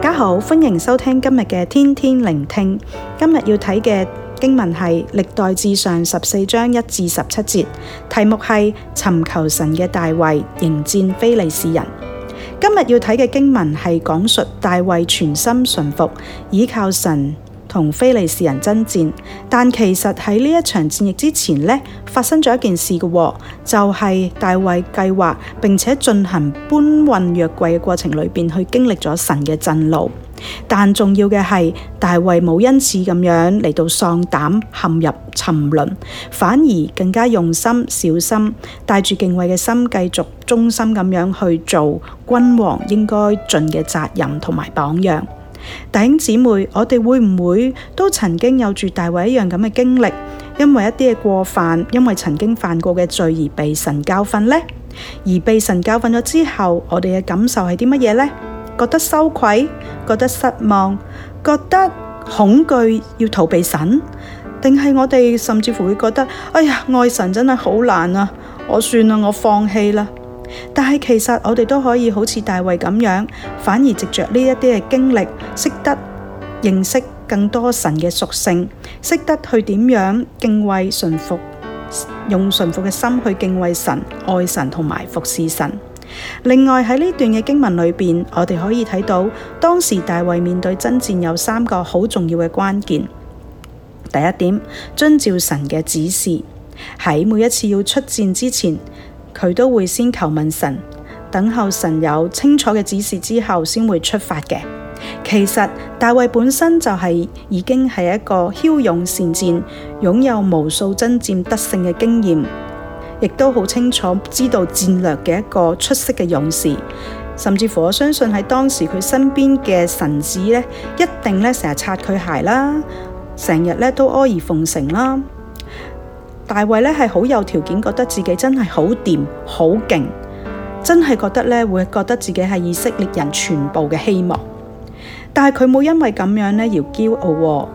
大家好，歡迎收聽今日嘅天天靈聽。今日要睇嘅經文係《歷代志上》十四章一至十七節，題目係尋求神嘅大衛迎戰非利士人。今日要睇嘅經文係講述大衛全心順服，依靠神。同非利士人爭戰，但其實喺呢一場戰役之前呢，發生咗一件事嘅、哦，就係、是、大衛計劃並且進行搬運約，約櫃嘅過程裏邊，去經歷咗神嘅震怒。但重要嘅係，大衛冇因此咁樣嚟到喪膽陷入沉淪，反而更加用心、小心，帶住敬畏嘅心，繼續忠心咁樣去做君王應該盡嘅責任同埋榜樣。弟兄姊妹，我哋會唔會都曾經有住大衛一樣咁嘅經歷？因為一啲嘅過犯，因為曾經犯過嘅罪而被神教訓呢？而被神教訓咗之後，我哋嘅感受係啲乜嘢呢？覺得羞愧，覺得失望，覺得恐懼，要逃避神？定係我哋甚至乎會覺得，哎呀，愛神真係好難啊！我算啦，我放棄啦。但係其實我哋都可以好似大衛咁樣，反而藉着呢一啲嘅經歷，識得認識更多神嘅屬性，識得去點樣敬畏、順服，用順服嘅心去敬畏神、愛神同埋服侍神。另外喺呢段嘅經文裏邊，我哋可以睇到當時大衛面對爭戰有三個好重要嘅關鍵。第一點，遵照神嘅指示，喺每一次要出戰之前，佢都會先求問神，等候神有清楚嘅指示之後，先會出發嘅。其實大衛本身就係、是、已經係一個驍勇善戰，擁有無數爭戰得勝嘅經驗，亦都好清楚知道戰略嘅一個出色嘅勇士。甚至乎我相信喺當時佢身邊嘅臣子呢，一定呢成日擦佢鞋啦，成日呢都阿諛奉承啦。大衛咧係好有條件，覺得自己真係好掂、好勁，真係覺得咧會覺得自己係以色列人全部嘅希望。但係佢冇因為咁樣咧而驕傲，哦，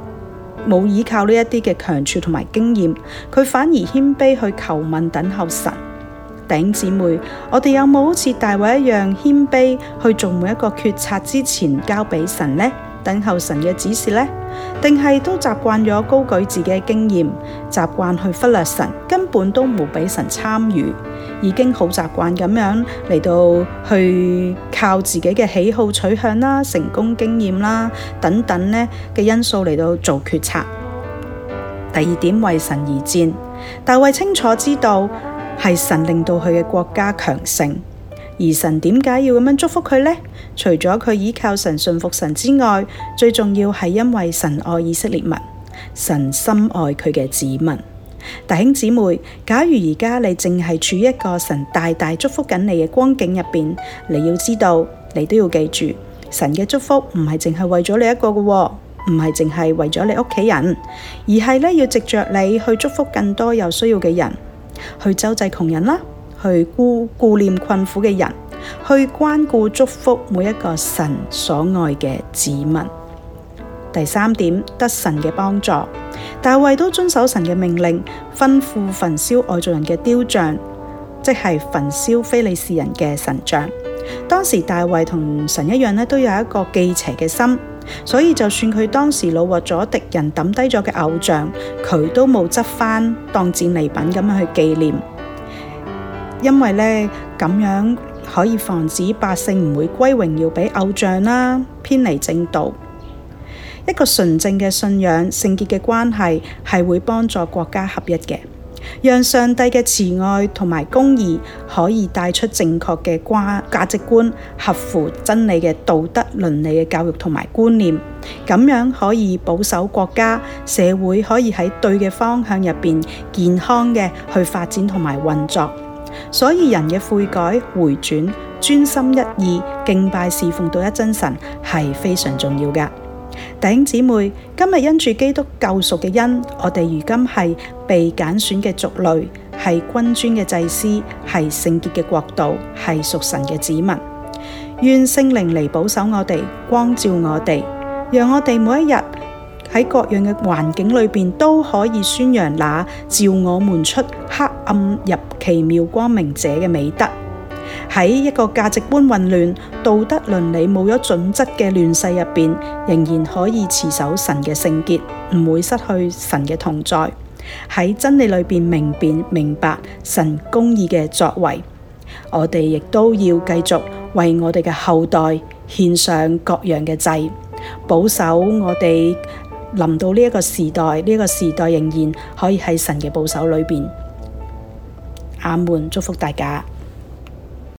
冇依靠呢一啲嘅強處同埋經驗，佢反而謙卑去求問等候神。頂姐妹，我哋有冇好似大衛一樣謙卑去做每一個決策之前交俾神呢？等候神嘅指示呢，定係都習慣咗高舉自己嘅經驗，習慣去忽略神，根本都唔俾神參與，已經好習慣咁樣嚟到去靠自己嘅喜好取向啦、成功經驗啦等等呢嘅因素嚟到做決策。第二點，為神而戰，大衛清楚知道係神令到佢嘅國家強盛。而神點解要咁樣祝福佢呢？除咗佢依靠神、信服神之外，最重要係因為神愛以色列民，神深愛佢嘅子民。弟兄姊妹，假如而家你淨係處於一個神大大祝福緊你嘅光景入面，你要知道，你都要記住，神嘅祝福唔係淨係為咗你一個㗎喎，唔係淨係為咗你屋企人，而係咧，要藉著你去祝福更多有需要嘅人，去周濟窮人啦。去顧念困苦嘅人，去關顧祝福每一個神所愛嘅子民。第三點，得神嘅幫助，大衛都遵守神嘅命令，吩咐焚燒外族人嘅雕像，即係焚燒非利士人嘅神像。當時大衛同神一樣咧，都有一個忌邪嘅心，所以就算佢當時擄獲咗敵人抌低咗嘅偶像，佢都冇執翻當戰利品咁樣去紀念。因為呢，咁樣可以防止百姓唔會歸榮耀俾偶像啦，偏離正道。一個純正嘅信仰、聖潔嘅關係係會幫助國家合一嘅。讓上帝嘅慈愛同埋公義可以帶出正確嘅關價值觀，合乎真理嘅道德倫理嘅教育同埋觀念，咁樣可以保守國家社會，可以喺對嘅方向入面健康嘅去發展同埋運作。所以人嘅悔改、回轉、專心一意、敬拜侍奉獨一真神係非常重要嘅。弟兄姊妹，今日因住基督救贖嘅恩，我哋如今係被揀選嘅族類，係君尊嘅祭司，係聖潔嘅國度，係屬神嘅子民。願聖靈嚟保守我哋，光照我哋，讓我哋每一日。喺各樣嘅環境裏邊都可以宣揚那召我們出黑暗入奇妙光明者嘅美德。喺一個價值觀混亂、道德倫理冇咗準則嘅亂世入邊，仍然可以持守神嘅聖潔，唔會失去神嘅同在。喺真理裏邊明辨明白神公義嘅作為，我哋亦都要繼續為我哋嘅後代獻上各樣嘅祭，保守我哋。臨到呢一個時代，呢、這個時代仍然可以喺神嘅保守裏邊。阿門，祝福大家。